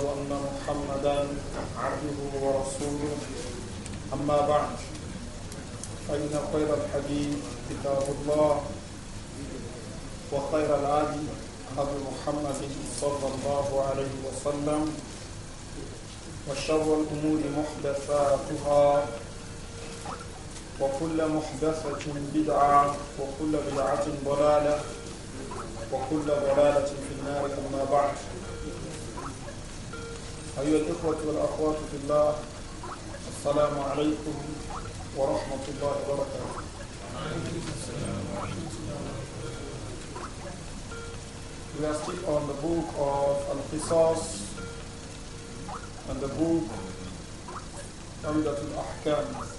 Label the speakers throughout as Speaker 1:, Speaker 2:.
Speaker 1: واشهد ان محمدا عبده ورسوله اما بعد فان خير الحديث كتاب الله وخير الهدي هدي محمد صلى الله عليه وسلم وشر الامور محدثاتها وكل محدثة بدعة وكل بدعة ضلالة وكل ضلالة في النار أما بعد أيها الإخوة والأخوات في الله السلام عليكم ورحمة الله وبركاته We are still on the book of Al-Qisas and the book Amidatul Ahkam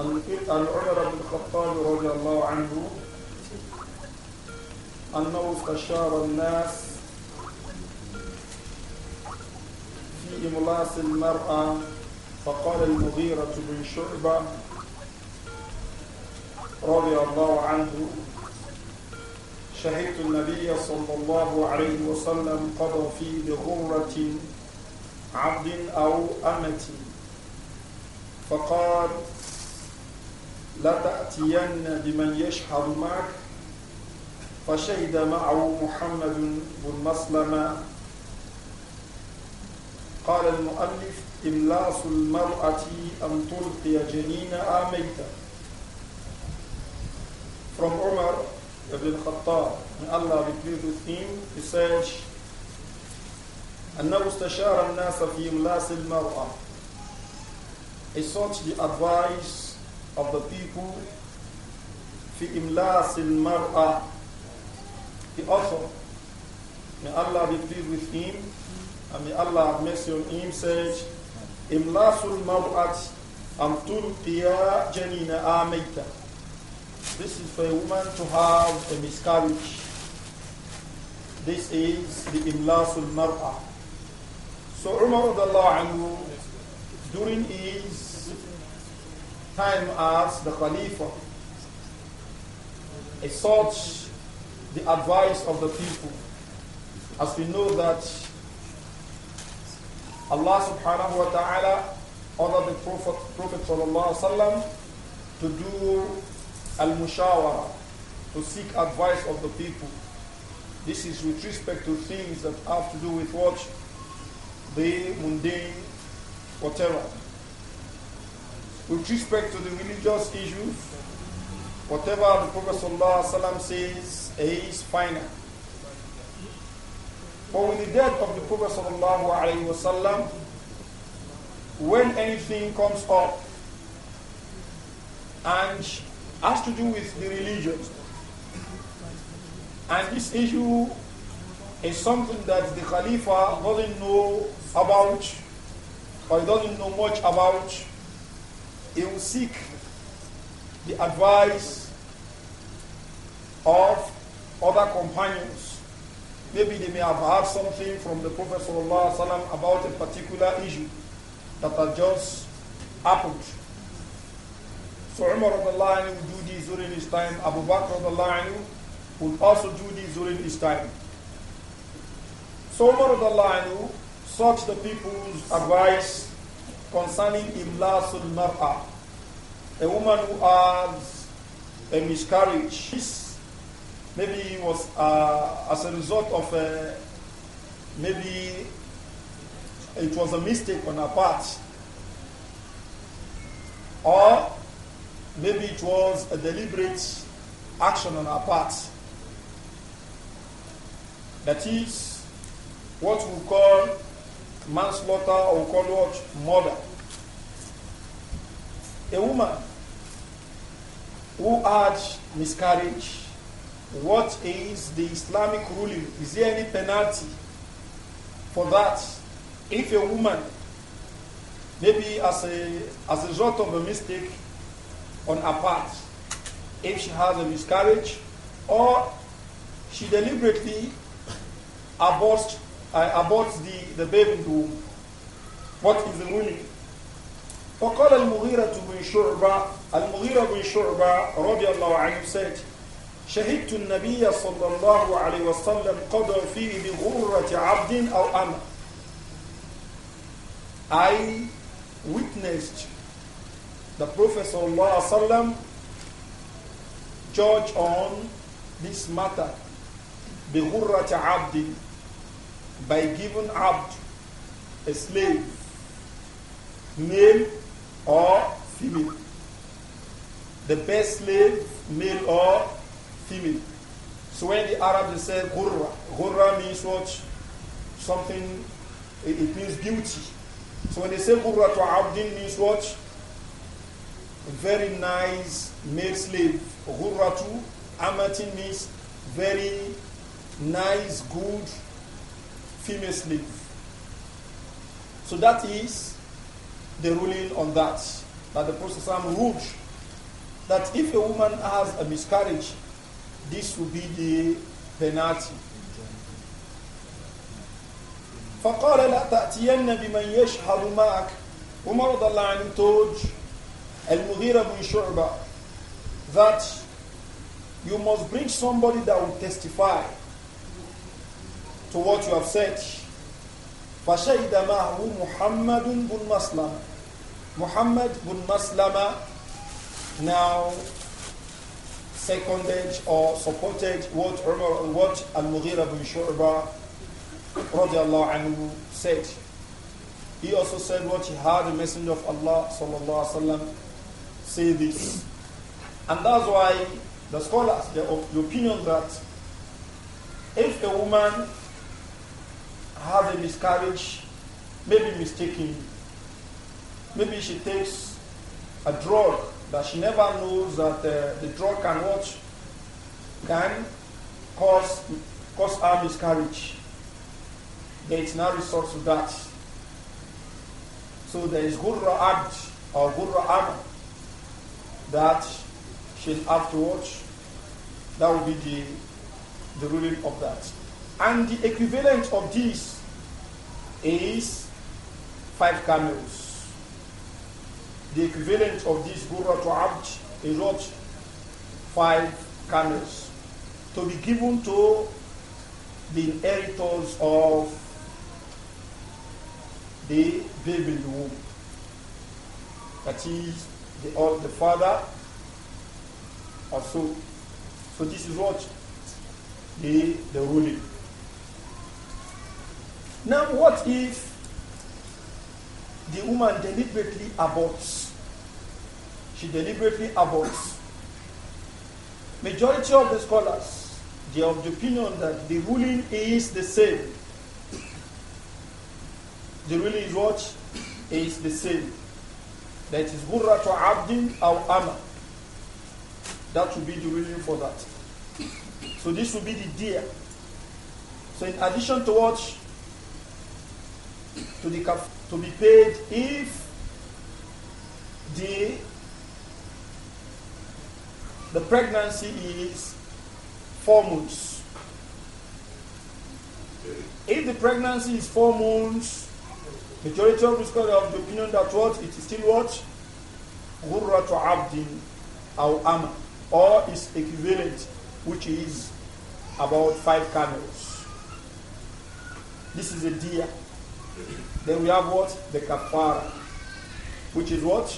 Speaker 1: عن عمر بن الخطاب رضي الله عنه أنه استشار الناس في إملاص المرأة فقال المغيرة بن شعبة رضي الله عنه شهدت النبي صلى الله عليه وسلم قضى في بغرة عبد أو أمة فقال تأتين بمن يشهد معك فشهد معه محمد بن مسلمة قال المؤلف إملاص المرأة أن تلقي جنين آميتا From Umar ibn Khattab, may Allah be pleased with him, he says, أنه استشار الناس في إملاص المرأة. He sought the advice of the people imla إملاس المرأة he also may Allah be pleased with him and may Allah have mercy on him imla إملاس المرأة أن تلقي janina ameeta." this is for a woman to have a miscarriage this is the imla إملاس المرأة so Umar during his time as the Khalifa. He sought the advice of the people. As we know that Allah subhanahu wa ta'ala ordered the Prophet, Prophet sallallahu to do al-mushawara, to seek advice of the people. This is with respect to things that have to do with what? The mundane, whatever with respect to the religious issues, whatever the Prophet says is final. But with the death of the Prophet when anything comes up and has to do with the religion, and this issue is something that the Khalifa doesn't know about or doesn't know much about, he will seek the advice of other companions. Maybe they may have heard something from the Prophet about a particular issue that had just happened. So Umar would do this during his time, Abu Bakr would also do this during his time. So Umar sought the people's advice concerning Illasul Mar'a, a woman who has a miscarriage. This maybe was uh, as a result of a, uh, maybe it was a mistake on her part, or maybe it was a deliberate action on our part. That is what we call manslaughter or call what murder. A woman who had miscarriage, what is the Islamic ruling? Is there any penalty for that? If a woman, maybe as a, as a result of a mistake on her part, if she has a miscarriage or she deliberately aborts I abort the, the baby womb. What is willing? وقال المغيرة بن شعبة المغيرة بن شعبة رضي الله عنه said شهدت النبي صلى الله عليه وسلم قضى فيه بغرة عبد أو أمر I witnessed the Prophet وسلم, judge on this matter بغرة عبد by giving out a slave, male or female. The best slave, male or female. So when the Arabs say gurra, gurra means what? Something, it, means beauty. So when they say gurra to abdin means what? Very nice
Speaker 2: male slave. Gurra to amatin means very
Speaker 1: nice, good female slave. So that is the ruling on that, that the Prophet ruled that if a woman has a miscarriage, this will be the penalty. فقال لا تأتين بمن يشهد معك Umar عنه told Al-Mughira bin that you must bring somebody that will testify to what you have said. فَشَهِدَ مَعْهُ مُحَمَّدٌ بُنْ مَسْلَمَ Muhammad bin Maslama now seconded or supported what Umar what Al-Mughira bin Shu'ba anhu said. He also said what he heard the Messenger of Allah sallallahu sallam, say this. And that's why the scholars, the, the opinion that if a woman have a miscarriage, maybe mistaken. Maybe she takes a drug that she never knows that uh, the drug can what can cause cause her miscarriage. There is no resource to that. So there is gurra abd or gurra ama that she'll have to watch. That will be the the ruling of that. And the equivalent of this is five camels. The equivalent of this Burra to Abd is what? Five camels. To be given to the inheritors of the baby womb. That is the, the father also. So this is what the, the ruling. Now, what if the woman deliberately aborts? She deliberately aborts. Majority of the scholars, they are of the opinion that the ruling is the same. The ruling is what? Is the same. That is Burra to Abdin al amr. That will be the ruling for that. So this will be the deer. So in addition to what to, the, to be paid if the, the pregnancy is four months. If the pregnancy is four months, majority of the scholars of the opinion that what it is still what ghurratu abdin or ama or its equivalent, which is about five camels. This is a deer then we have what? The kafara. Which is what?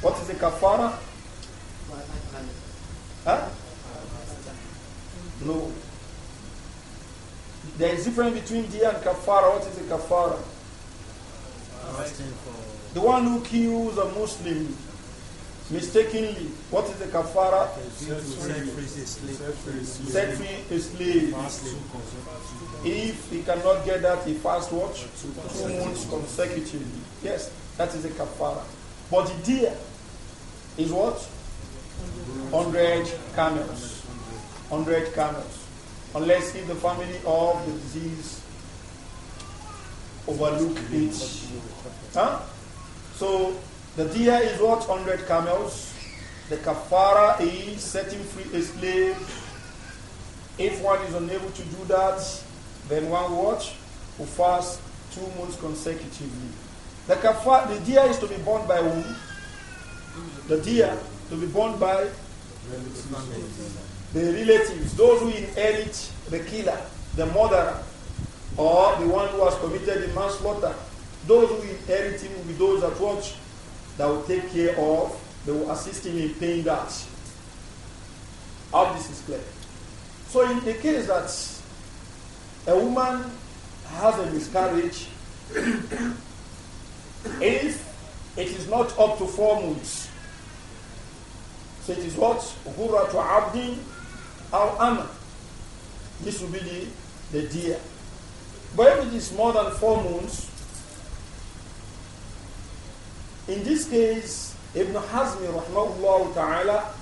Speaker 1: What is the kafara? Huh? No. There is difference between dia and kafara. What is the kafara? The one who kills a Muslim mistakenly. What is the kafara? Set free a slave. If he cannot get that, he fast watch Two months consecutively. Yes, that is the kafara. But the deer is what? 100 camels. 100 camels. Unless if the family of the disease overlook it. Huh? So the deer is what? 100 camels. The kafara is setting free a slave. If one is unable to do that, then one watch will fast two months consecutively. The kafara, the deer is to be born by whom? The deer to be born by the relatives, those who inherit the killer, the murderer, or the one who has committed the manslaughter. Those who inherit him will be those that watch that will take care of, they will assist him in paying that. All this is clear. So in the case that a woman has a miscarriage, if it is not up to four months, so it is what? Hura to Abdin al Anna. This will be the, the deer. But if it is more than four months, in this case, Ibn Hazmi rahmahullah ta'ala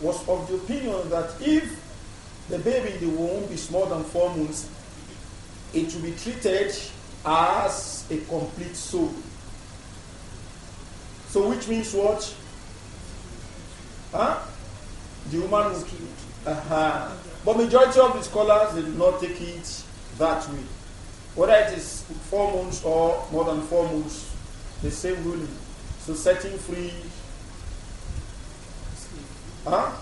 Speaker 1: was of the opinion that if the baby in the womb is more than four months, it will be treated as a complete soul. So which means what? Huh? The woman was killed. Uh-huh. But majority of the scholars they do not take it that way. Whether it is four months or more than four months, the same ruling. So setting free huh?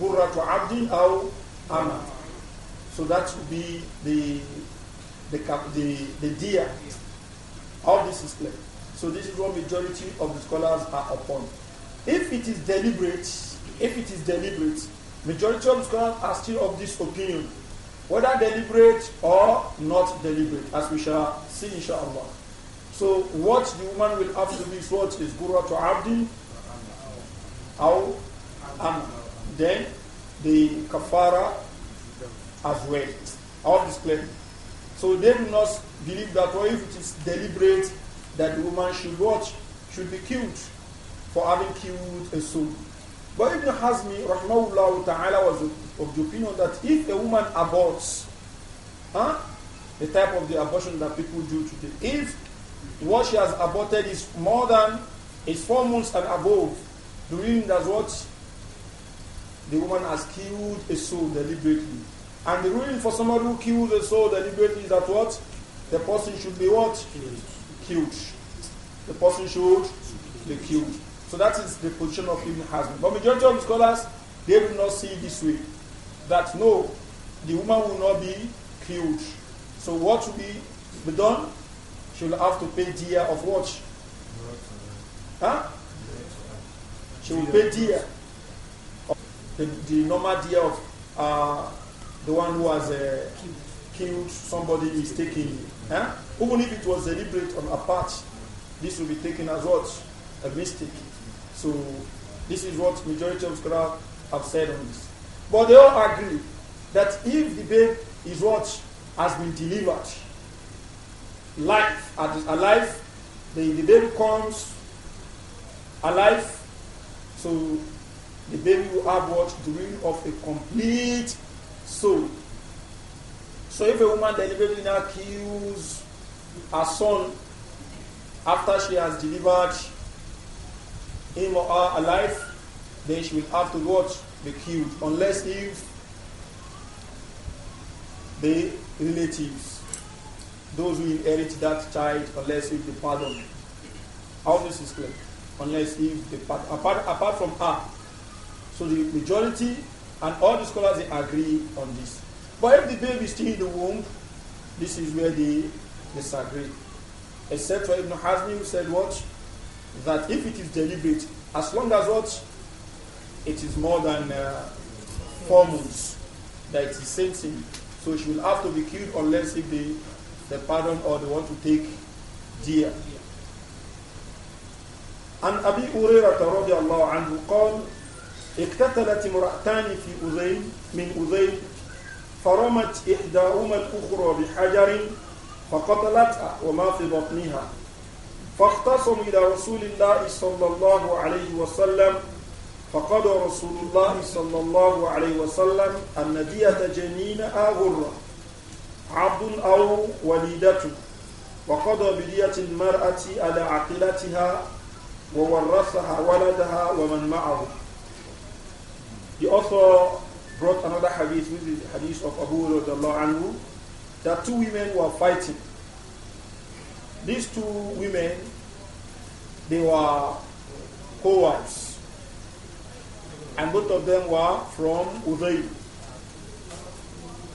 Speaker 1: Gurratu or Amad. So that would be the the the, the deer. of this is So this is what majority of the scholars are upon. If it is deliberate, if it is deliberate, majority of the scholars are still of this opinion, whether deliberate or not deliberate, as we shall see inshallah. So what the woman will have to be is what is gura to abdi, or and then the kafara as well. All this claim. So they do not believe that, or if it is deliberate, that the woman should watch, should be killed for having killed a soul. But Ibn Hazmi, rahmahullah ta'ala, was of the opinion that if a woman aborts, huh, the type of the abortion that people do today, if what she has aborted is more than is four months and above. The ruling that's what the woman has killed a soul deliberately. And the ruling for somebody who kills a soul deliberately is that what? The person should be what? Killed. The person should be killed. So that is the position of Ibn Hazm. But majority of scholars, they will not see this way. That no, the woman will not be killed. So what will be done? she'll have to pay year of what? Huh? She will pay dear. The, the normal dear of uh, the one who has uh, killed somebody is taken, Huh? Even if it was deliberate on a part, this will be taken as what? A mistake. So this is what majority of scholars have said on this. But they all agree that if the babe is what has been delivered, life, alive. The, the baby comes alive. So the baby will have what? The ring of a complete soul. So if a woman deliberately now kills her son after she has delivered him or her alive, then she will have to watch the killed unless if the relatives those who inherit that child unless if they pardon. All this is clear. Unless if they pardon. Apart, apart from her. So the majority and all the scholars they agree on this. But if the baby is still in the womb, this is where they disagree. Except for Ibn Hazmi who said what? That if it is deliberate, as long as what? It is more than uh, four months. That it is same thing. So she will have to be killed unless if they the pardon or they want to take dear. عن أبي هريرة رضي الله عنه قال اقتتلت امرأتان في أذيل من أذيل فرمت إحداهما الأخرى بحجر فقتلتها وما في بطنها فاختصم إلى رسول الله صلى الله عليه وسلم فقضى رسول الله صلى الله عليه وسلم أن دية جنينها غرة عبد أو وليدته وقضى بدية المرأة على عقلتها وورثها ولدها ومن معه The author brought another hadith, which is the hadith of Abu anhu, that two women were fighting. These two women, they were co-wives, and both of them were from Udayl.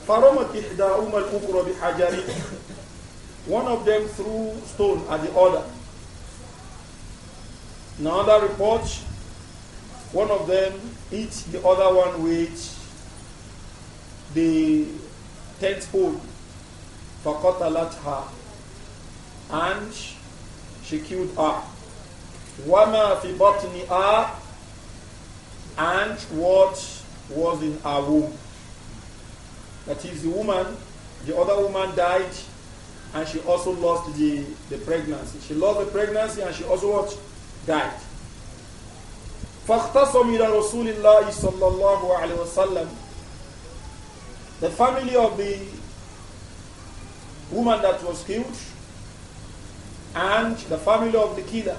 Speaker 1: فرمت إحداهما الأخرى بحجر One of them threw stone at the other. another report, one of them hit the other one with the tent pole. فقتلتها and she killed her. وما في بطنها and what was in her womb. That is the woman, the other woman died and she also lost the, the pregnancy. She lost the pregnancy and she also what? died. فاختصم إلى رسول الله صلى الله عليه وسلم The family of the woman that was killed and the family of the killer.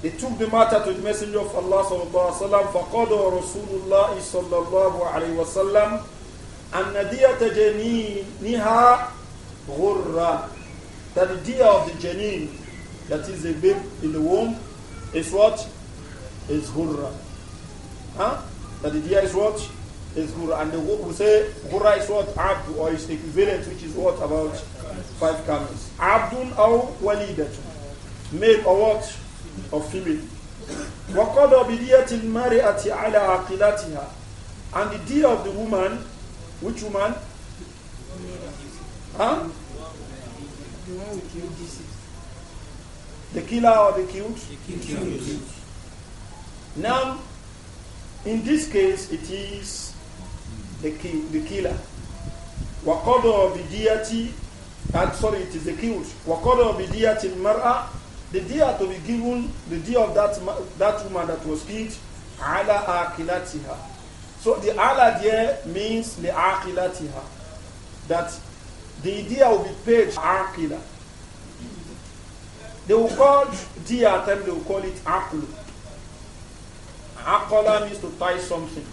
Speaker 1: They took the matter to the messenger of Allah صلى الله عليه وسلم فقال رسول الله صلى الله عليه وسلم أن دية جنينها غرة that the deer of the janin that is a babe in the womb is what? Is hurra. Huh? That the deer is what? Is hurra. And the we say hurra is what? Abdu or is equivalent which is what? About five camels. Abdun or walidat. Male or what? Or female. وَقَدَ بِدِيَةِ الْمَرِأَةِ عَلَى عَقِلَتِهَا And the deer of the woman which woman? Huh? The one who killed Jesus. The killer or the killed? The killed. Now, in this case, it is the, kill, the killer. the بِدِيَةِ and sorry, it is the killed. وَقَضَى بِدِيَةِ mara. The deer to be given, the deer of that, that woman that was killed, عَلَىٰ أَكِلَتِهَا so the ala there means li'aqilatiha. That the idea will be paid aqila. They will call dia at they will call it aqlu. Aqala means to tie something.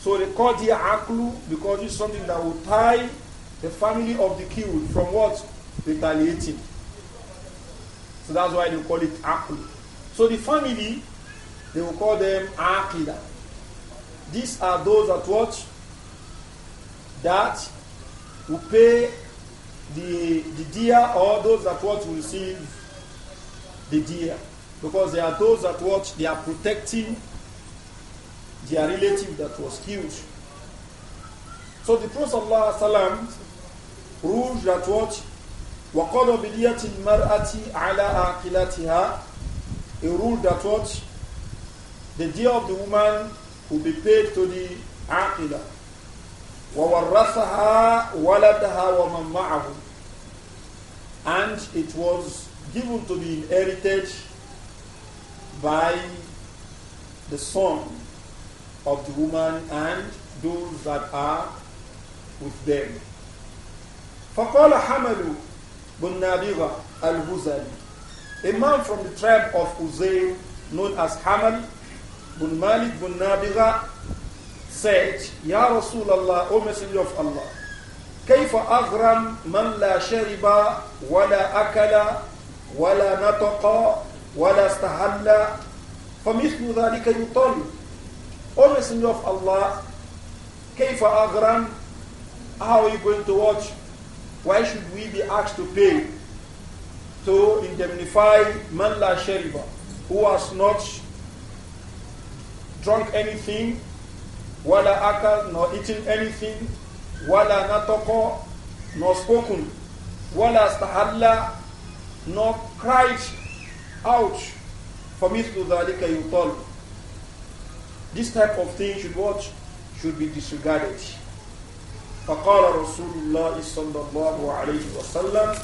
Speaker 1: So they call dia aqlu because it's something that will tie the family of the killed from what? Retaliating. So that's why they call it aqlu. So the family, they will call them aqila. These are those that what? That will pay the, the deer or those that what will receive the deer. Because there are those that what they are protecting their relative that was killed. So the Prophet ﷺ ruled that what وَقَدْ بِدِيَةِ الْمَرْأَةِ عَلَىٰ عَقِلَتِهَا a rule that what the deer of the woman who be paid to the aqilah. وَوَرَّثَهَا وَلَدَهَا وَمَنْ مَعَهُ And it was given to be inherited by the son of the woman and those that are with them. فقال حمل بن نابغة الهزلي A man from the tribe of Uzair known as Hamal bin Malik bin Nabigha said, Ya Allah, O Messenger of Allah, كيف أغرم من لا شرب ولا أكل ولا نطق ولا استهل فمثل ذلك يطالب O Messenger of Allah, كيف أغرم How are you going to watch? Why should we be asked to pay to indemnify man la shariba who has not drunk anything, wala akal, nor eating anything, wala natoko, nor spoken, wala stahalla, nor cried out for me to dhalika yutol. This type of thing should what? Should be disregarded. فقال رسول الله صلى الله عليه وسلم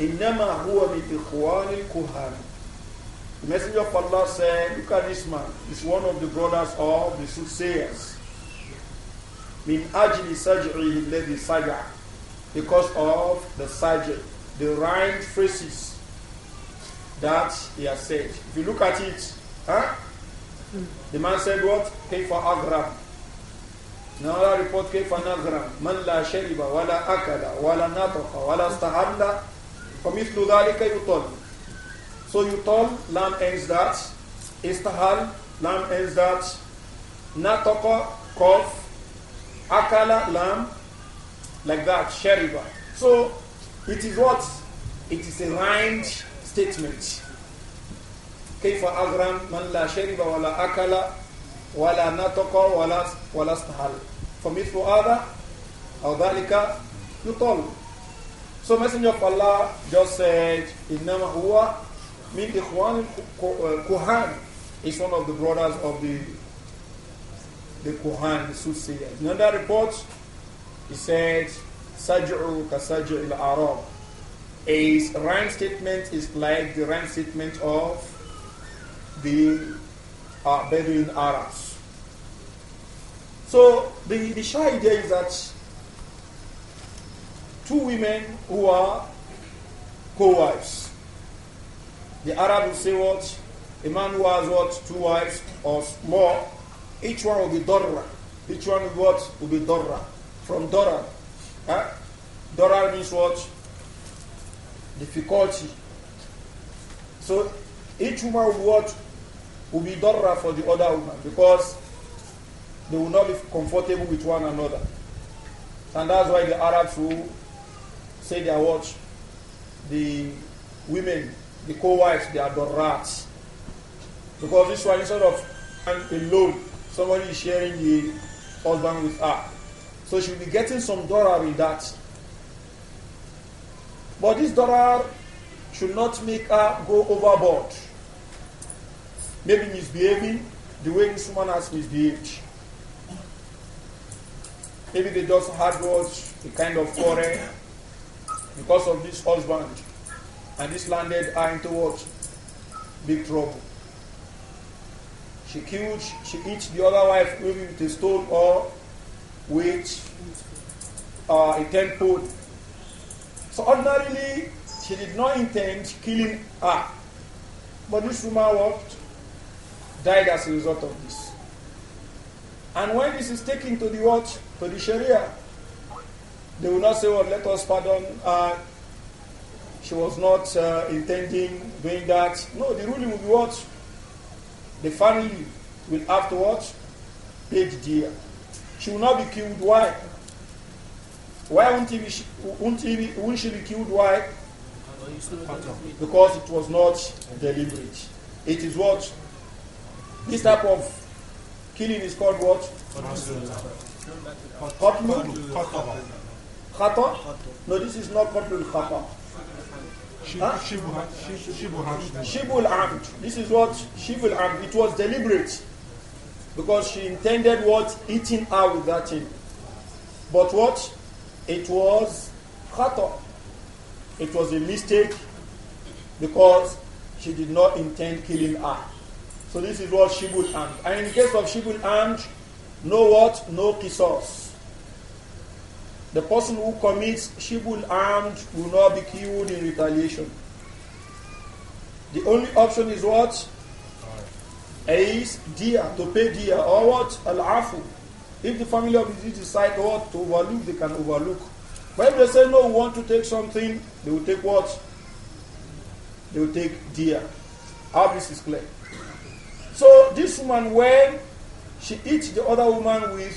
Speaker 1: إنما هو من إخوان الكهان the Messenger of Allah said, Look at this man. He's one of the brothers of the soothsayers. Min ajli saj'i alladhi saja. Because of the saj'i, the rhymed phrases that he has said. If you look at it, huh? The man said what? Kaifa agram. I report, for nagram. Man la shariba, wala akada, wala nataqa, wala stahabla. فمثل ذلك يطلب so you turn, lam ends that. Istahal, lam ends that. Natoko, cough. Akala, lam. Like that, sheriba. So it is what? It is a rhymed statement. كيف أغرم من لا شرب ولا أكل ولا نطق ولا ولا استهل فمثل هذا أو ذلك يطل So Messenger of Allah just said إنما هو Min the Kohan uh, is one of the brothers of the the Kohan, the soothsayers. In another report, he said, Saj'u kasaj'u il arab His rhyme statement is like the rhyme statement of the uh, Bedouin Arabs. So the, the shy idea is that two women who are co-wives, the Arab will say what? A man who has what? Two wives or more. Each one will be Dorra. Each one will what? Will be Dorra. From Dorra. Huh? Dorra means what? Difficulty. So each woman will what? Will be Dorra for the other woman because they will not be comfortable with one another. And that's why the Arabs will say their watch. The women the co-wives, they are the rats. Because this one is sort of alone. Somebody is sharing the husband with her. So she'll be getting some dorar in that. But this dorar should not make her go overboard. Maybe misbehaving the way this woman has misbehaved. Maybe they just had words, a kind of quarrel because of this husband and this landed her into what? Big trouble. She killed, she eats the other wife maybe with a stone or with uh, a So ordinarily, she did not intend killing her. But this woman walked, died as a result of this. And when this is taken to the what? To the Sharia, they will not say, well, let us pardon uh, she was not uh, intending doing that. No, the ruling will be what? The family will afterwards pay the dear. She will not be killed. Why? Why won't, he be, won't, he be, won't she be killed? Why? Because it was not deliberate. It is what? This type of killing is called what? Qatlu. No, this is not Qatlu khata. Shibul Amd. This is what Shibul Amd. It was deliberate because she intended what eating her with that thing. But what it was khata. It was a mistake because she did not intend killing her. So this is what Shibul Amd. And in case of Shibul Amd, no what? No kisos. The person who commits shibul armed will not be killed in retaliation. The only option is what? Is dia to pay dia or what? Al afu. If the family of the decide what to overlook, they can overlook. But if they say no, we want to take something, they will take what? They will take dia. How this is clear. So this woman, when she eats the other woman with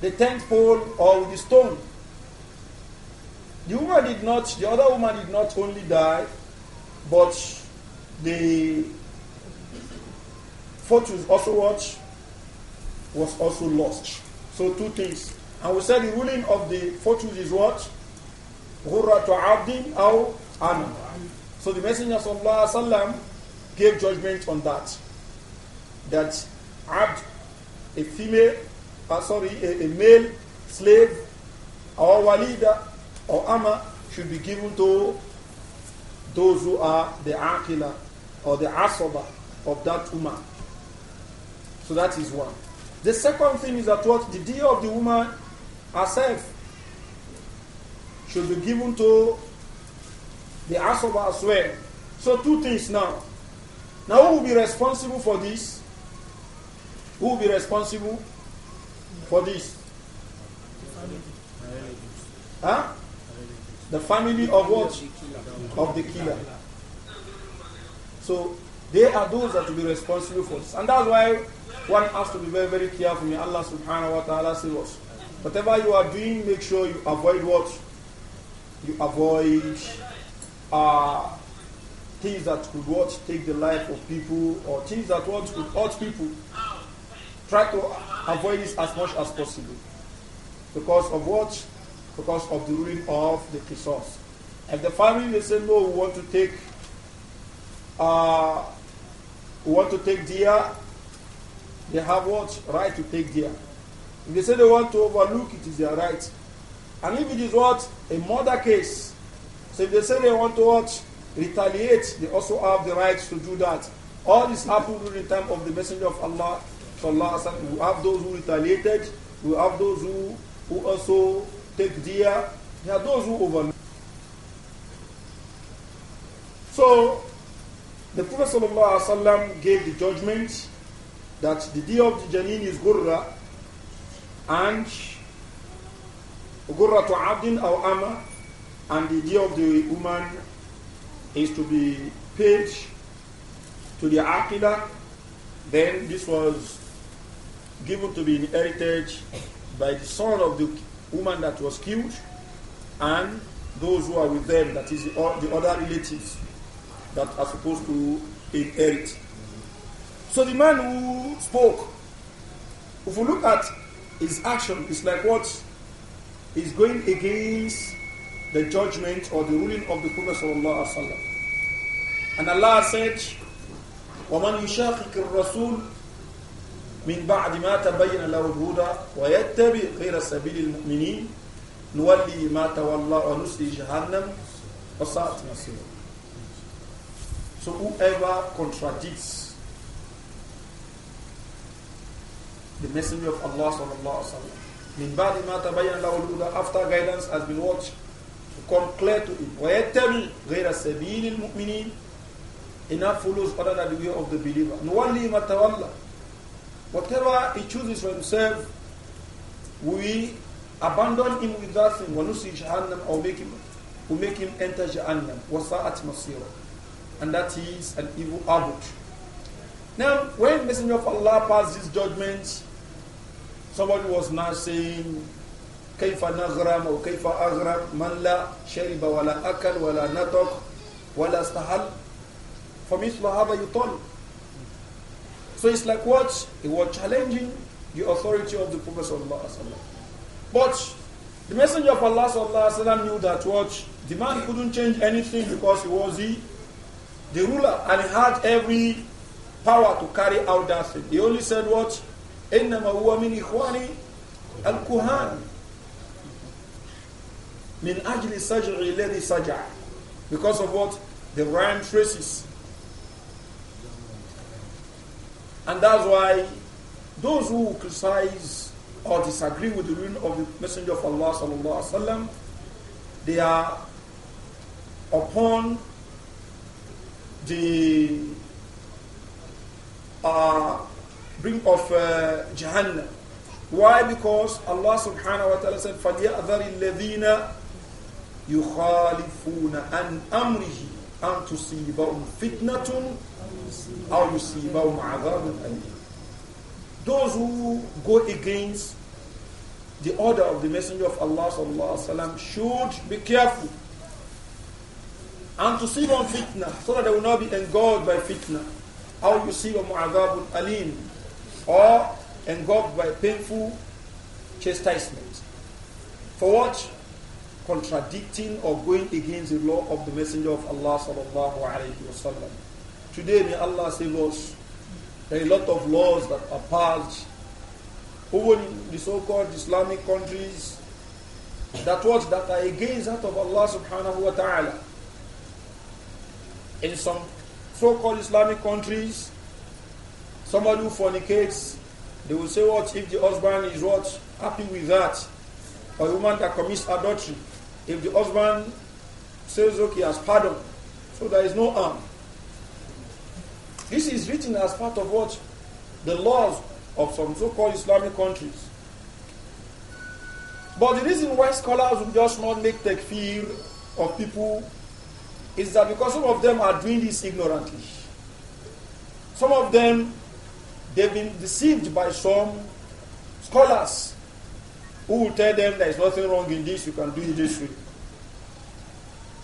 Speaker 1: the tent pole or with the stone. The woman did not, the other woman did not only die, but the fortune also what was also lost. So two things. And we said the ruling of the fortune is what? Hurratu So the Messenger of Allah sallam, gave judgment on that. That abd, a female, uh, sorry, a, a male slave or walida or ama should be given to those who are the akila or the asaba of that woman. So that is one. The second thing is that what the deal of the woman herself should be given to the asaba as well. So two things now. Now who will be responsible for this? Who will be responsible for this? Huh? The family of what? Of the killer. So they are those that will be responsible for this. And that's why one has to be very, very careful when Allah subhanahu wa ta'ala says what? Whatever you are doing, make sure you avoid what? You avoid uh, things that could what? Take the life of people or things that what could hurt people. Try to avoid this as much as possible. Because of what? Because of the ruling of the resource. If the family they say no, we want to take uh, we want to take deer, they have what? Right to take deer. If they say they want to overlook, it is their right. And if it is what? A murder case. So if they say they want to what? Retaliate, they also have the right to do that. All this happened during the time of the Messenger of Allah Sallallahu Alaihi Wasallam, we have those who retaliated, we have those who, who also take dear, there are those who overlook. So, the Prophet Sallallahu Alaihi Wasallam gave the judgment that the day of the Janin is Gurra and Gurra to Abdin or Amma and the day of the woman is to be paid to the Aqidah, then this was given to be inherited by the son of the woman that was killed and those who are with them, that is the, the other relatives that are supposed to inherit. So the man who spoke, if you look at his action, it's like what is going against the judgment or the ruling of the Prophet sallallahu alaihi wasallam. And Allah said, وَمَنْ يُشَاقِقِ الرَّسُولِ من بعد ما تبين له الهدى ويتبع غير سبيل المؤمنين نولي ما تولى ونسلي جهنم وساءت مصيره So whoever contradicts the messenger of Allah sallallahu alaihi wasallam من بعد ما تبين له الهدى after guidance has been watched to come clear to him ويتبع غير سبيل المؤمنين enough follows other than the way of the believer نولي ما تولى Whatever he chooses for himself, we abandon him with that thing. وَنُسِي جَهَنَّمْ Or make him, we make him enter Jahannam. وَسَاءَتْ مَصِيرًا And that is an evil habit. Now, when Messenger of Allah passed this judgment, somebody was now saying, كيف نغرم أو كيف أغرم من لا شرب ولا أكل ولا نطق ولا استحل فمثل هذا يطل so it's like what? He was challenging the authority of the Prophet. But the Messenger of Allah knew that what? The man couldn't change anything because he was the, the ruler and he had every power to carry out that thing. He only said what? إنما هو من إخواني الكهان من أجل سجع الذي سجع because of what the rhyme traces And that's why those who criticize or disagree with the ruling of the Messenger of Allah sallallahu alaihi wasallam, they are upon the uh, brink of uh, Jahannam. Why? Because Allah subhanahu wa ta'ala said, فَلْيَأْذَرِ الَّذِينَ يُخَالِفُونَ أَنْ أَمْرِهِ أَنْ تُصِيبَهُمْ فِتْنَةٌ أو يصيبهم عذاب أليم those who go against the order of the messenger of Allah sallallahu alaihi wasallam should be careful and to see on fitna so that they will not be engulfed by fitna How you see them alim or engulfed by painful chastisement for what contradicting or going against the law of the messenger of Allah sallallahu alaihi wasallam Today, may Allah save us. There are a lot of laws that are passed, over in the so-called Islamic countries, that was that are against that of Allah subhanahu wa ta'ala. In some so-called Islamic countries, somebody who fornicates, they will say what if the husband is what happy with that, or a woman that commits adultery, if the husband says okay as pardon, so there is no harm. This is written as part of what? The laws of some so called Islamic countries. But the reason why scholars will just not make takfir of people is that because some of them are doing this ignorantly. Some of them, they've been deceived by some scholars who will tell them there is nothing wrong in this, you can do it this way.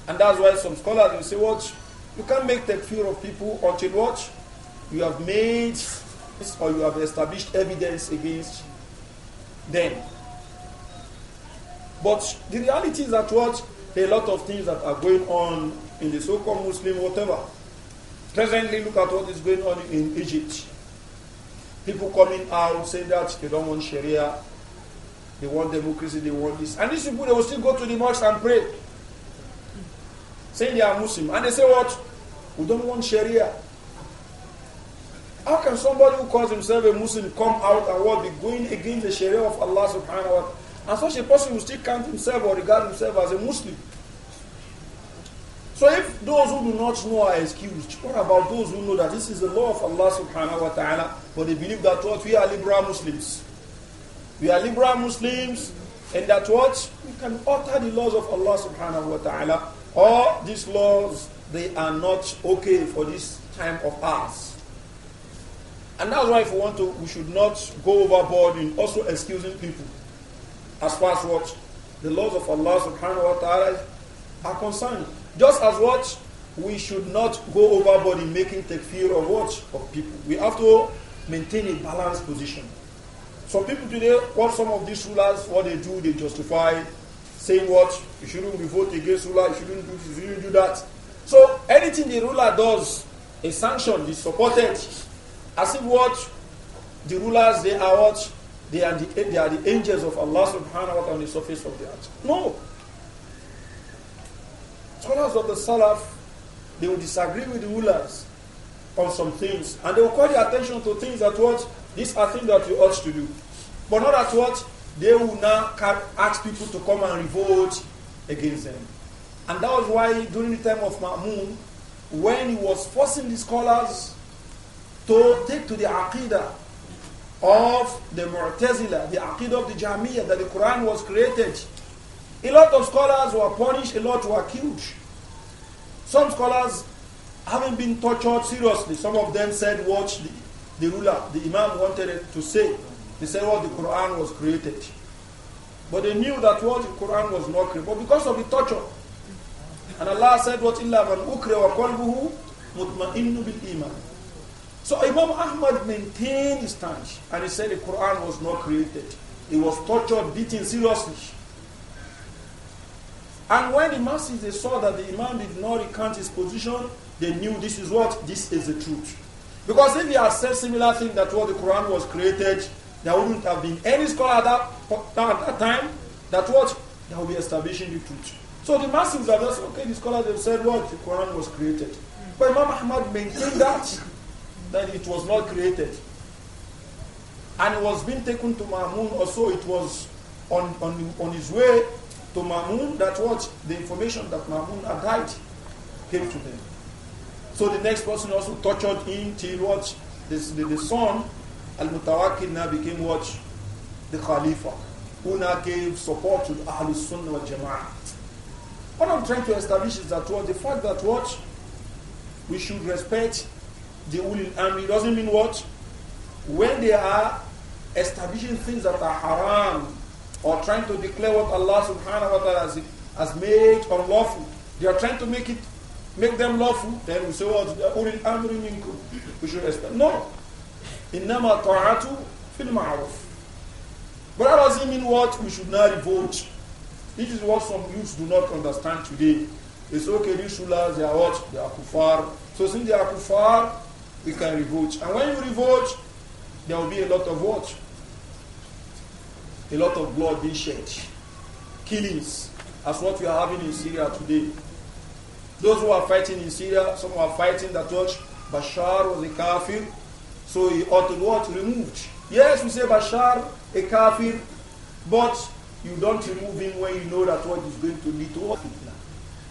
Speaker 1: And that's why some scholars will say, Watch, you can't make takfir of people until what? You have made or you have established evidence against them. But the reality is that what? A lot of things that are going on in the so called Muslim, whatever. Presently, look at what is going on in Egypt. People coming out saying that they don't want Sharia, they want democracy, they want this. And these people, they will still go to the mosque and pray saying they are Muslim, and they say what? We don't want Sharia. How can somebody who calls himself a Muslim come out and what be going against the Sharia of Allah subhanahu wa ta'ala? And such a person will still count himself or regard himself as a Muslim. So if those who do not know are excused, what about those who know that this is the law of Allah subhanahu wa ta'ala, but they believe that what we are liberal Muslims. We are liberal Muslims, and that what we can utter the laws of Allah subhanahu wa ta'ala all these laws, they are not okay for this time of ours. And that's why if we want to, we should not go overboard in also excusing people as far as what the laws of Allah subhanahu wa ta'ala are concerned. Just as what we should not go overboard in making takfir of what? Of people. We have to maintain a balanced position. Some people today, what some of these rulers, what they do, they justify saying what you shouldn't be vote against ruler, you shouldn't do this, you shouldn't do that. So anything the ruler does is sanctioned, is supported. As if what the rulers they are what they are the they are the angels of Allah subhanahu wa ta'ala on the surface of the earth. No. Scholars of the Salaf they will disagree with the rulers on some things and they will call your attention to things that what these are things that you ought to do. But not at what they will now ask people to come and revolt against them. And that was why during the time of Mahmud, when he was forcing the scholars to take to the Aqidah of the Mu'tazila, the Aqidah of the Jamia that the Quran was created, a lot of scholars were punished, a lot were killed. Some scholars having been tortured seriously. Some of them said what the, the ruler, the Imam wanted to say. They said what well, the Quran was created. But they knew that what the Quran was not created. But because of the torture, and Allah said what illa man ukre wa qalbuhu mutma'innu bil iman. So Imam Ahmad maintained his stance and he said the Quran was not created. He was tortured, beaten seriously. And when the masses they saw that the Imam did not recant his position, they knew this is what? This is the truth. Because if he had said similar thing that what the Quran was created, there wouldn't have been any scholar at that, at that time that what? That will be establishing the truth. So the masses are just, okay, the scholars have said what? The Quran was created. But Imam Ahmad maintained that, that it was not created. And it was being taken to Mamun or so it was on, on, on his way to Mamun that what? The information that Mamun had died came to them. So the next person also tortured him till what? The, the, the son Al-Mutawakkil now became what? The Khalifa, who now gave support to Ahlus Sunnah wal Jama'ah. What I'm trying to establish is that what the fact that what we should respect the Ulil Amri doesn't mean what? When they are establishing things that are haram or trying to declare what Allah subhanahu wa ta'ala has, has made unlawful, they are trying to make it make them lawful, then we say, well, Ulil Amri minkum. We should respect. No. إنما طاعته في المعروف but that doesn't mean what we should not revolt this is what some youths do not understand today it's okay these rulers they are what they are kufar. so since they are kufar, we can revolt and when you revolt there will be a lot of what a lot of blood being shed killings as what we are having in Syria today those who are fighting in Syria some are fighting that what Bashar was a kafir so he ought to be what? Removed. Yes, we say Bashar, a kafir, but you don't remove him when you know that what is going to lead to what?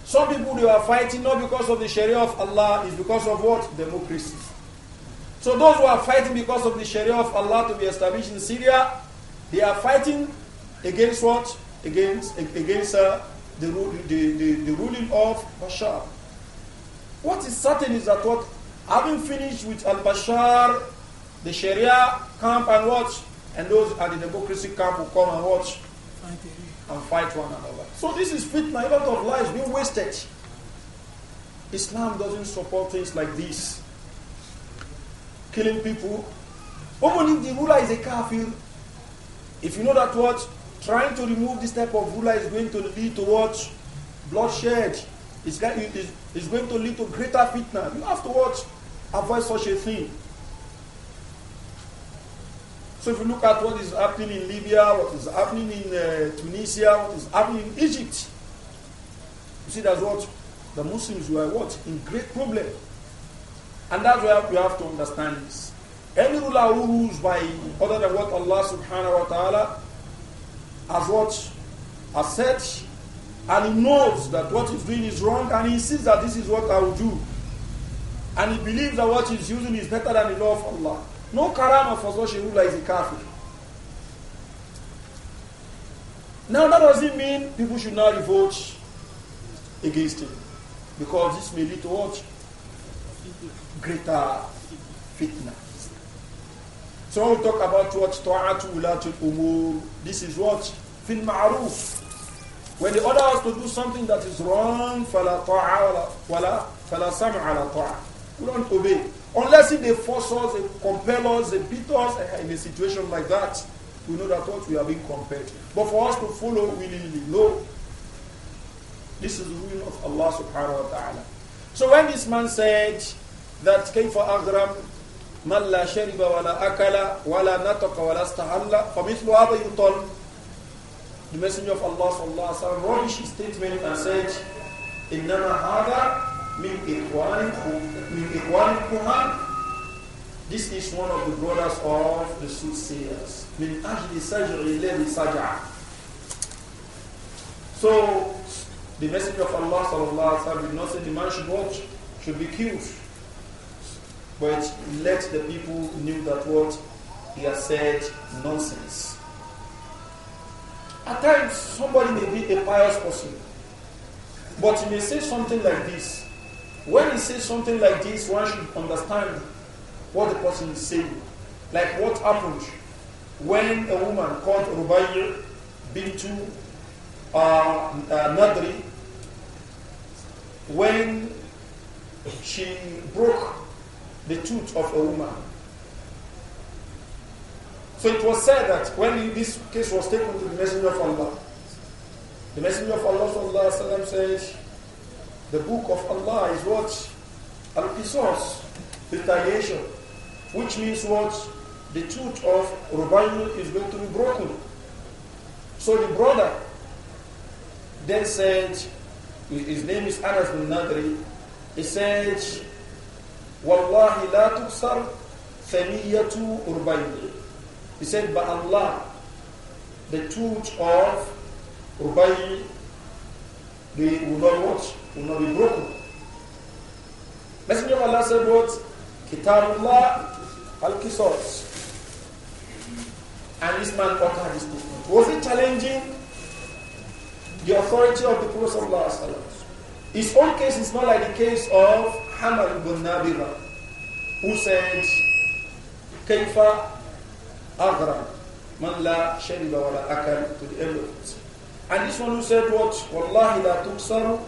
Speaker 1: Some people they are fighting not because of the Sharia of Allah, it's because of what? Democracy. So those who are fighting because of the Sharia of Allah to be established in Syria, they are fighting against what? Against against uh, the, the, the, the ruling of Bashar. What is certain is that what Having finished with al-Bashar, the Sharia camp and watch, and those at the democracy camp will come and watch
Speaker 2: and
Speaker 1: fight one another. So this is fitna, a lot of lives being wasted. Islam doesn't support things like this. Killing people. Even if the ruler is a kafir, if you know that what, trying to remove this type of ruler is going to lead to what? Bloodshed. It's, it's going to lead to greater fitna. You have to watch avoid such a thing. So if you look at what is happening in Libya, what is happening in uh, Tunisia, what is happening in Egypt, you see that's what the Muslims were what in great problem, and that's where we have to understand this. Any ruler who rules by other than what Allah Subhanahu wa Taala has what has said, and he knows that what he's doing is wrong, and he sees that this is what I will do, and he believes that what he's using is better than the law of Allah. No karama for those who ruler is a kafir. Now that doesn't mean people should not revolt against him. Because this may lead to what? Greater fitna. So we'll talk about what ta'atu ulatul umur. This is what? fin ma'ruf. When the other has to do something that is wrong, فَلَا طَاعَ وَلَا, ولا فَلَا we don't obey. Unless if they force us, they compel us, they beat us eh, in a situation like that, we know that what we are being compelled. But for us to follow willingly, no. This is the will of Allah subhanahu wa ta'ala. So when this man said that كيف أغرم من لا شرب ولا أكل ولا نطق ولا استحل فمثل هذا يطل The messenger of Allah sallallahu alaihi wasallam rubbished his statement and said إنما هذا min min ikhwanikuma. This is one of the brothers of the soothsayers. Min ahli saj'i ladhi saj'a. So the Messenger of Allah sallallahu alaihi wasallam did not say the man should watch, should be killed, but let the people knew that what he has said nonsense. At times, somebody may be a pious person, but he may say something like this. When he says something like this, one should understand what the person is saying. Like what happened when a woman called Rubayya bintu uh, uh, Nadri, when she broke the tooth of a woman. So it was said that when this case was taken to the Messenger of Allah, the Messenger of Allah says, the book of Allah is what? Al-Qisas, retaliation. Which means what? The truth of Rubayu is going to be broken. So the brother then said, his name is Anas bin Nadri, he said, Wallahi la tuksar thamiyatu Urbayni. He said, by Allah, the truth of Urbayni, they will not watch will not be broken. Messenger of Allah said what? Kitabullah al-Qisas. And this man uttered this statement. Was it challenging the authority of the Prophet? His own case is not like the case of Hamad ibn Nabira, who said, كيف man la لا wa la أكل to the end And this one who said what? والله لا تكسر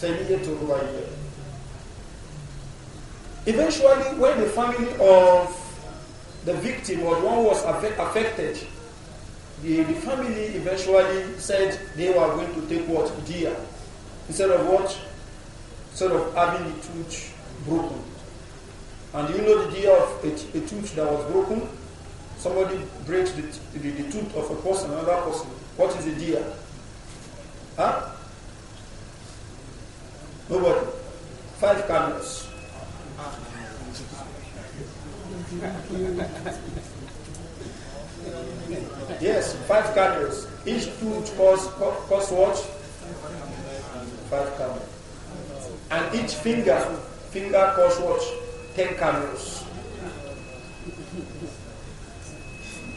Speaker 1: Taymiyyah to Ruwayya. Eventually, when the family of the victim or one was affected, the, the family eventually said they were going to take what? Deer. Instead of what? Instead of having the tooth broken. And you know the idea of a, a tooth that was broken? Somebody breaks the, the, the, tooth of a person, another person. What is the deer? Huh? Nobody. Five camels. yes, five camels. Each two cost, cost what? Five camels. And each finger, finger costs what? Ten camels.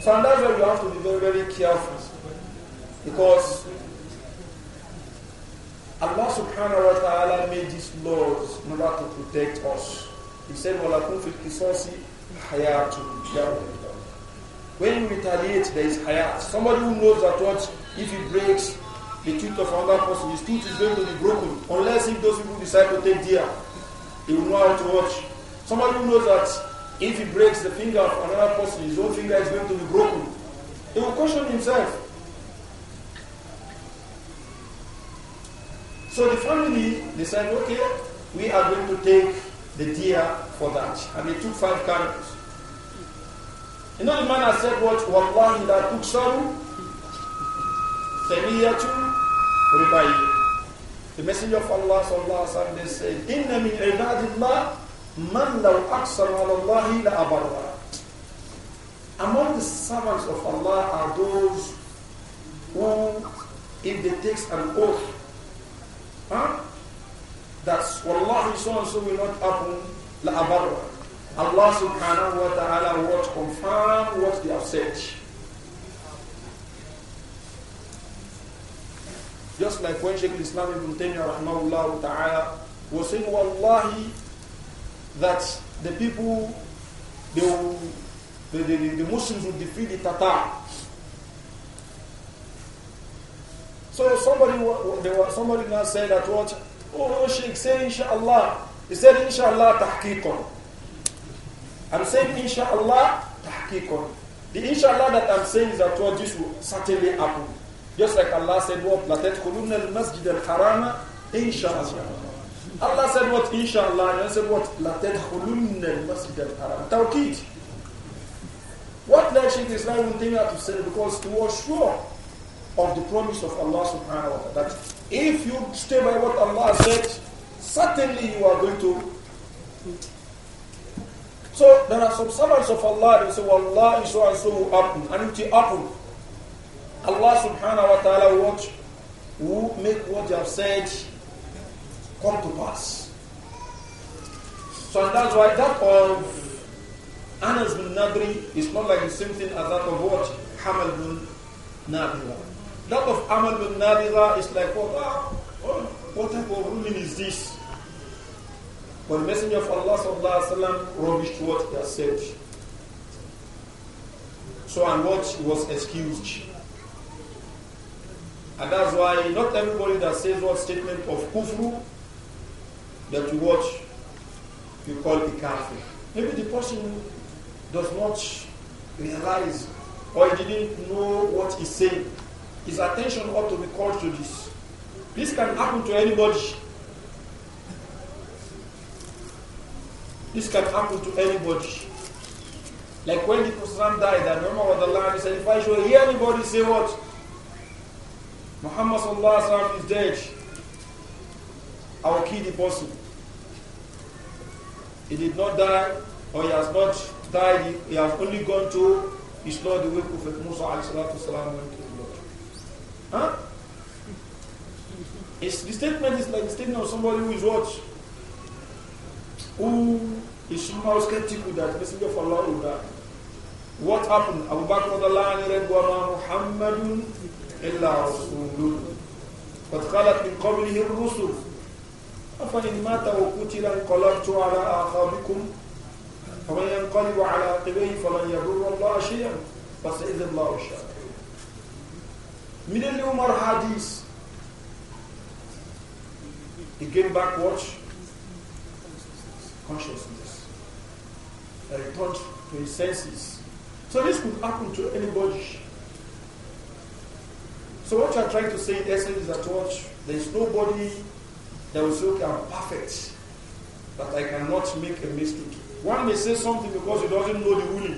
Speaker 1: So that's why you have to be very, very careful. Because Allah subhanahu wa ta'ala made these laws in order to protect us. He said, وَلَكُمْ فِي الْقِصَاصِ حَيَاتٌ When you retaliate, there is hayat. Somebody who knows that what, if he breaks the tooth of another person, his tooth is going to be broken. Unless if those people decide to take deer, he will know how to watch. Somebody who knows that if he breaks the finger of another person, his own finger is going to be broken. He will caution himself. So the family decided, okay, we are going to take the deer for that. And they took five camels. You know, the man has said what? that took tuksaru Semiyatu ribai. The Messenger of Allah sallallahu alaihi wasallam they said, Inna min ibadillah man lau aksar ala Allahi la abarra. Among the servants of Allah are those who, if they take an oath Huh? That's wallahi so and so will not happen. La abarra. Allah subhanahu wa ta'ala will confirm what they have said. Just like when Sheikh Islam ibn Taymiyyah rahmahullah ta'ala was saying, Wallahi, that the people, they the, the, the Muslims will defeat the Tatar. So somebody, somebody now said that what? Oh, oh Sheikh, say inshallah. He said inshallah tahqiqan. I'm saying inshallah tahqiqan. The inshallah that I'm saying is that what this will certainly happen. Just like Allah said what? masjid al الْحَرَامَ inshallah. Allah said what? Inshallah. And I said what? masjid al الْحَرَامَ Tawqeed. What that Sheikh Islam would think that to say because it was sure of the promise of Allah subhanahu wa ta'ala. That if you stay by what Allah said, certainly you are going to. So there are some servants of Allah who say, Allah is so and so will happen, and it happen. Allah subhanahu wa ta'ala will watch, will make what they have said come to pass. So and that's why that of Anas bin Nadri is not like the same thing as that of what? Hamal bin Nadri that of Ahmad bin Nadira is like, what, ah, what type of ruling is this? But the Messenger of Allah sallallahu rubbished what he has said. So and what was excused. And that's why not everybody that says what statement of kufru that you watch, you call it kafir. Maybe the person does not realize or he didn't know what he's saying his attention ought to be called to this. This can happen to anybody. This can happen to anybody. Like when the Prophet died, and Umar of the Lion said, If I should hear anybody say what? Muhammad sallallahu is dead, I will kill the person. He did not die, or he has not died, he has only gone to his Lord, the way Prophet Musa sallam, went. Huh? It's, the statement is like the statement of somebody who is what? Who is somehow skeptical that the Messenger of Allah will die. What happened? Abu Bakr read Wama Muhammadun illa Rasulun. قد خلت من قبله الرسل أفإن مات وقتل انقلبت على أعقابكم ومن ينقلب على عقبيه فلن يضر الله شيئا فسيجزي Allah الشاكرين Immediately Umar had this. He came back Watch Consciousness. a return to his senses. So this could happen to anybody. So what you are trying to say in essence is that watch. There is nobody that will say, okay, I'm perfect, but I cannot make a mistake. One may say something because he doesn't know the will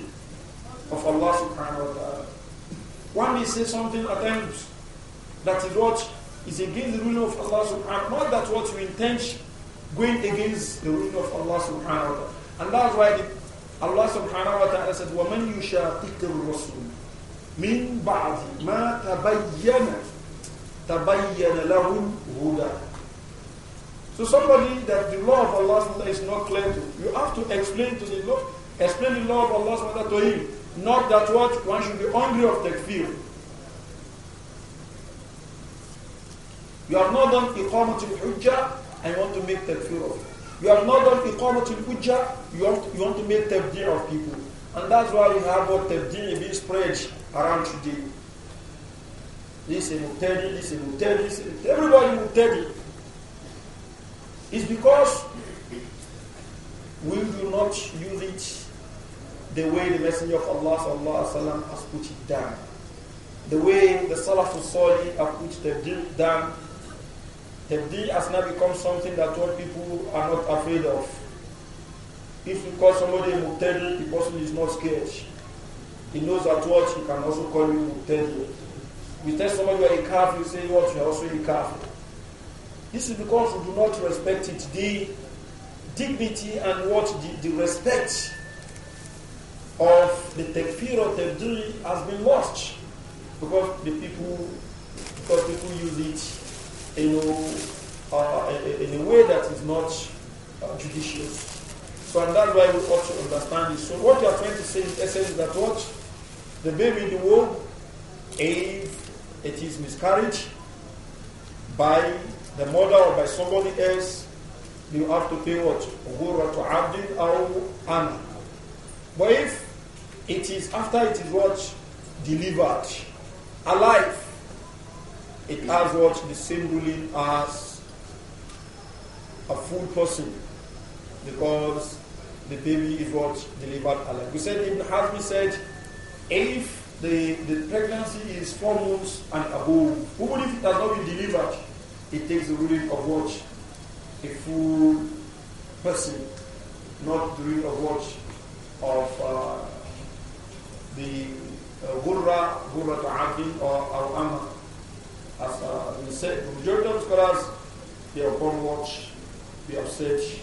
Speaker 1: of Allah subhanahu wa ta'ala. One may say something at times that is what is against the ruling of Allah subhanahu wa ta'ala. Not that what you intend going against the ruling of Allah subhanahu wa ta'ala. And that's why the, Allah subhanahu wa ta'ala said, وَمَنْ يُشَاقِقِ الرَّسُولِ مِنْ بَعْدِ مَا تَبَيَّنَ تَبَيَّنَ لَهُ الْهُدَى So somebody that the law of Allah is not clear to, you have to explain to the law, explain the law of Allah Subhanahu to him. Not that what one should be hungry of takfir. You have not done iqamatul hujjah and you want to make takfir of You have not done iqamatul hujjah, you want, you want to make tabdi' of people. And that's why you have what tabdi' being spread around today. This is Mutadi, this is Mutadi, this is everybody Mutadi. It's because we do not use it the way the Messenger of Allah وسلم, has put it down, the way the Salafus Salih have put deed down. The deed has now become something that all people are not afraid of. If you call somebody Muqtadi, the person is not scared. He knows that what he can also call you Muqtadi. You tell somebody you are a calf, you say what you are also a calf. This is because you do not respect it. The dignity and what the, the respect of the takfir or tabdil has been lost because the people because people use it in a, uh, uh, in a way that is not uh, judicious. So and that's why we ought to understand this. So what you are trying to say in essence is that what the baby in the womb, if it is miscarriage by the mother or by somebody else, you have to pay what? Ghurra to Abdin or Anna. But if it is after it is what delivered alive. It has what the same ruling as a full person because the baby is what delivered alive. We said Ibn Hazmi said if the, the pregnancy is four months and above, even if it has not been delivered, it takes the ruling of what a full person, not the ruling of what of uh, the uh, Gurra, Gurra to Akin or Al Amma. As uh, we uh, the majority of scholars, they are born watch, they are sage.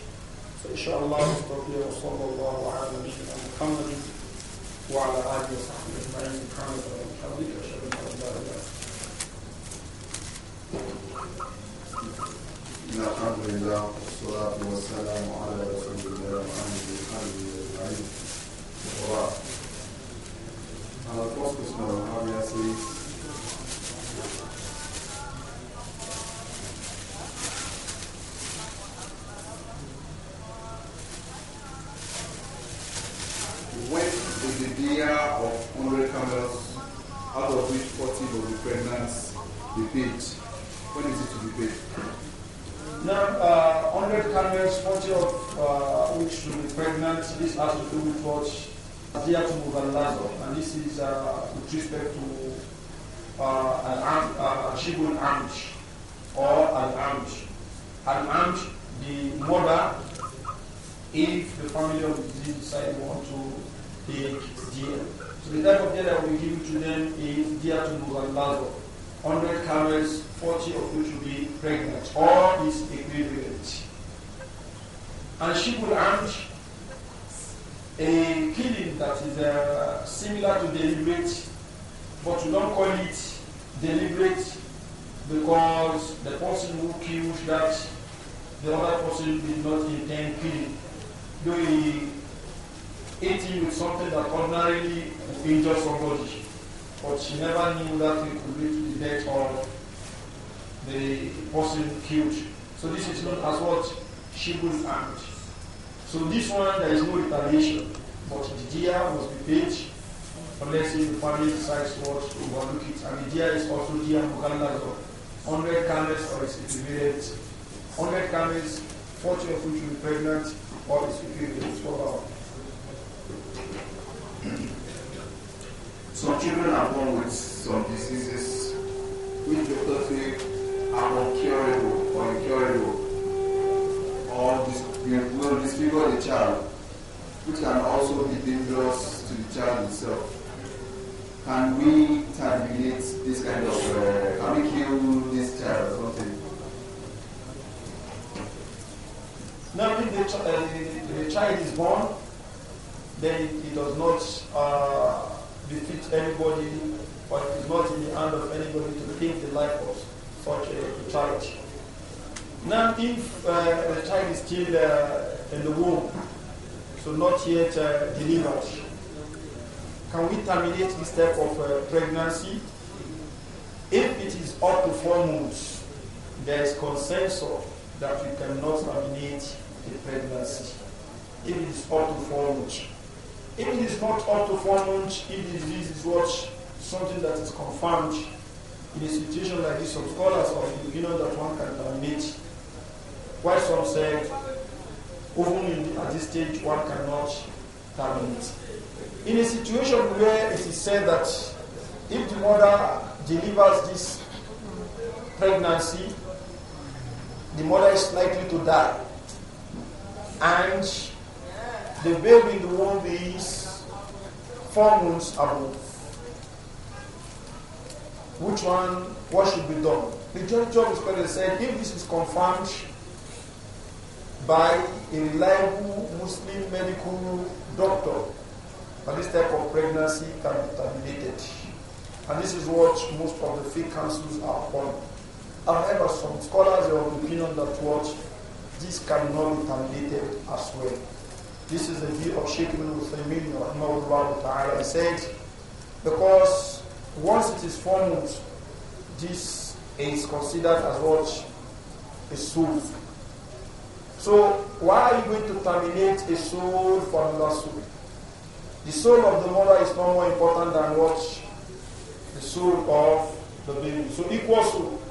Speaker 1: So, insha'allah, we stop here. Wa sallallahu wa ala nishin al Muhammad wa ala alihi wa sahbihi wa sallam. Wa ala
Speaker 2: alihi wa sahbihi wa sallam. Wa ala alihi wa sahbihi wa إن الحمد لله
Speaker 1: 100 camels or its equivalent, 100 camels, 40 of which will be pregnant
Speaker 2: or its equivalent Some children are born with some diseases which doctors say are incurable or incurable or dis- will disfigure the child, which can also be dangerous to the child itself. Can we time we need this kind of uh, this type uh, something. Now, if the,
Speaker 1: uh, the, the, child is born, then it, does not uh, defeat anybody, or it is not in the hand of anybody to think the life of such a, child. Now, if uh, the child is still uh, in the womb, so not yet uh, delivered, can we terminate this type of uh, pregnancy? If it is up to four months, there is consensus that we cannot terminate the pregnancy. If it is up to four months. If it is not up to four months, if the disease is what something that is confirmed in a situation like this, some scholars of you know that one can terminate. why some say, even at this stage, one cannot terminate. In a situation where it is said that if the mother delivers this pregnancy, the mother is likely to die. And the baby in the womb is four months above. Which one, what should be done? The judge of Scotland said if this is confirmed by a reliable Muslim medical doctor, this type of pregnancy can be terminated. And this is what most of the fake councils are upon. However, some scholars have of the opinion that what this cannot be terminated as well. This is the view of Sheikh ibn Uthaymeen ta'ala. He said, because once it is formed, this is considered as what? A soul. So, why are you going to terminate a soul for another soul? The soul of the mother is no more important than what the soul of the baby. So equal soul.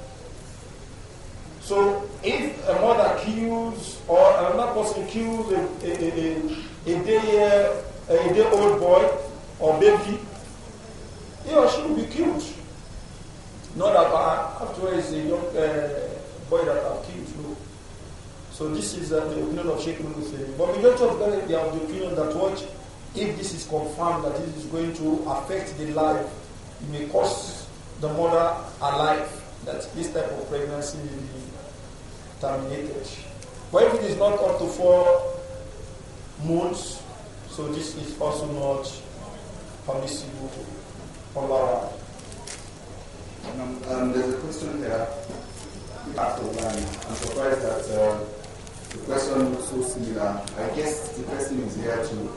Speaker 1: So if a mother kills or another person kills a, a, a, a day, uh, a day old boy or baby, he or she will be killed. Not that I, ah, after it's a young uh, boy that I've killed. No. So this is uh, the opinion of Sheikh Muguthi. But majority of them, they have the opinion that what if this is confirmed that this is going to affect the life, it may cost the mother a life, that this type of pregnancy may be terminated. But if it is not up to four months, so this is also not permissible
Speaker 2: for our um, um, There's a question here. After one, I'm surprised that uh, the question looks so similar. I guess the person is here to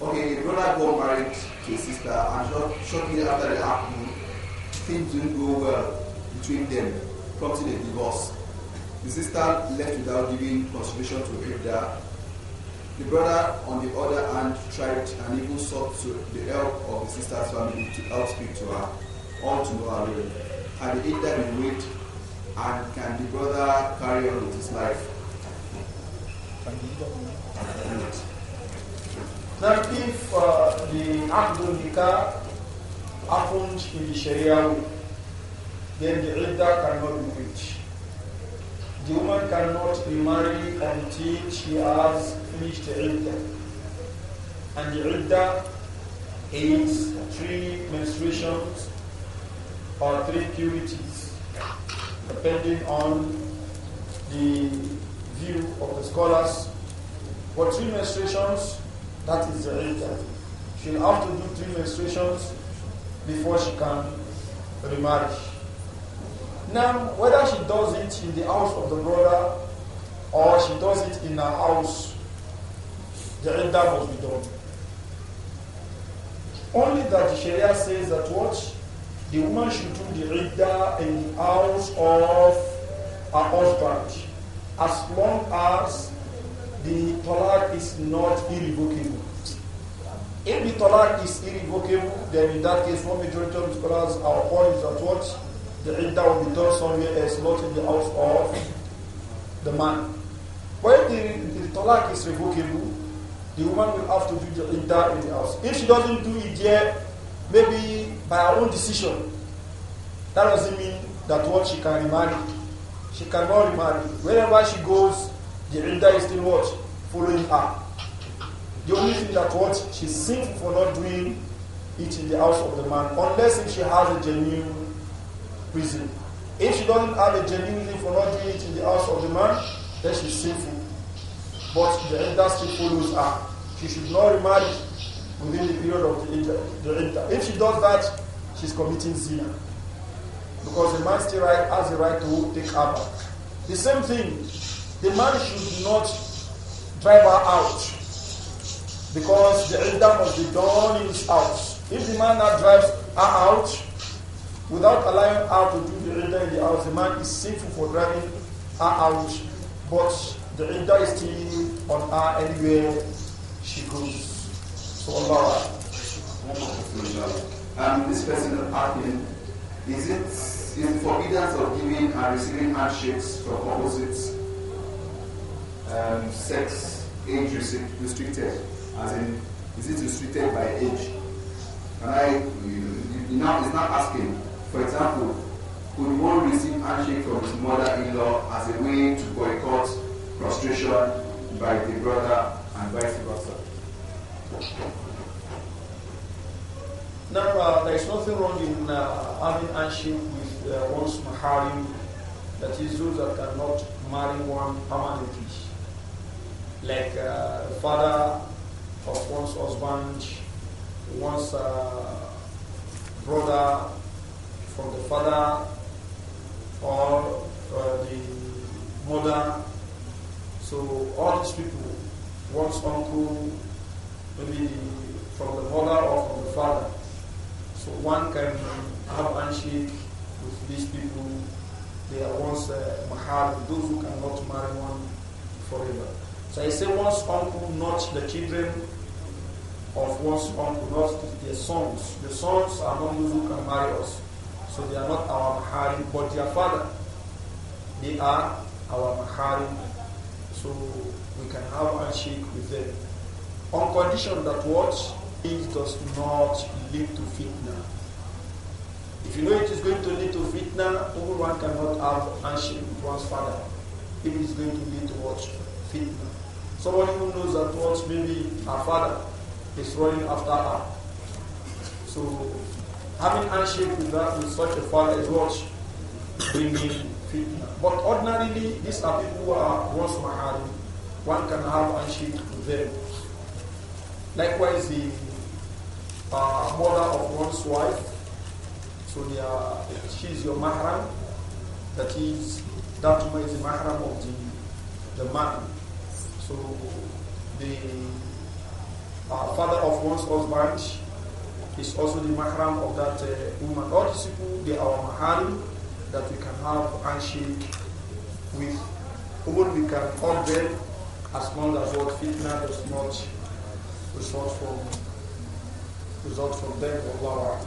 Speaker 2: okay, the brother got married to his sister, and shortly after the happened, things didn't go well between them, prompting a divorce. The sister left without giving consideration to her brother. The brother, on the other hand, tried and even sought the help of the sister's family to help speak to her, all to no avail. Had the interview, wait, and can the brother carry on with his life? Now, if uh, the Ahdul Nikah
Speaker 1: happened in the Sharia then the idda cannot be reached. The woman cannot be married until she has finished the Iddah. And the idda is three menstruations or three purities, depending on the view of the scholars. For three menstruations, that is the reason. She'll have to do three menstruations before she can remarry. Now, whether she does it in the house of the brother or she does it in her house, the iddah must be done. Only that the Sharia says that what? The woman should do the iddah in the house of her husband as long as the talaq is not irrevocable. If the talaq is irrevocable, then in that case, what majority of scholars are point is that what the iddah will be done somewhere else, not in the house of the man. When the, the talaq is revocable, the woman will have to do the iddah in the house. If she doesn't do it there, maybe by her own decision, that doesn't mean that what she can remarry. She cannot remarry. Wherever she goes, the elder is still what? Following her. The only thing that what? She's sinful for not doing it in the house of the man, unless if she has a genuine reason. If she doesn't have a genuine reason for not doing it in the house of the man, then she's sinful. But the elder still follows her. She should not remarry within the period of the elder. The elder. If she does that, she's committing sin. Because the man still has the right to take her back. The same thing the man should not drive her out because the elder must be done in his house. If the man now drives her out without allowing her to do the elder in the house, the man is sinful for driving her out, but the elder is still on her
Speaker 2: anywhere she goes. So Allah. and this person asking, is it is it forbiddance of giving and receiving handshakes from opposites um, sex age restricted? As in, is it restricted by age? Can I, you now is not asking. For example, could one receive handshake from his mother-in-law as a way to boycott prostration by the brother and vice versa? No,
Speaker 1: uh, there is nothing wrong in uh, having handshake with uh, one's maharim, that is those that cannot marry one permanently like uh, the father of one's husband, one's uh, brother from the father, or uh, the mother. So all these people, one's uncle, maybe from the mother or from the father. So one can have handshake with these people. They are once uh, mahar, those who cannot marry one forever. So he said, one's uncle, not the children of one's uncle, not their sons. The sons are not those who can marry us. So they are not our maharim, but their father. They are our maharim. So we can have a handshake with them. On condition that what? It does not lead to fitna. If you know it is going to lead to fitna, everyone cannot have handshake with one's father. It is going to lead to what? Fitna. Someone who knows that once maybe her father is running after her. So having handshake with that with such a father is what bringing fitna. But ordinarily, these are people who are once mahari. One can have handshake with them. Likewise, the uh, mother of one's wife, so they are, she is your mahram. That is, that woman is the mahram of the the man to the uh, father of one's husband is also the mahram of that uh, woman. All these people, they are maharim that we can have handshake with. whom we can hug them as long as what fitna does not result from result from them. Allah.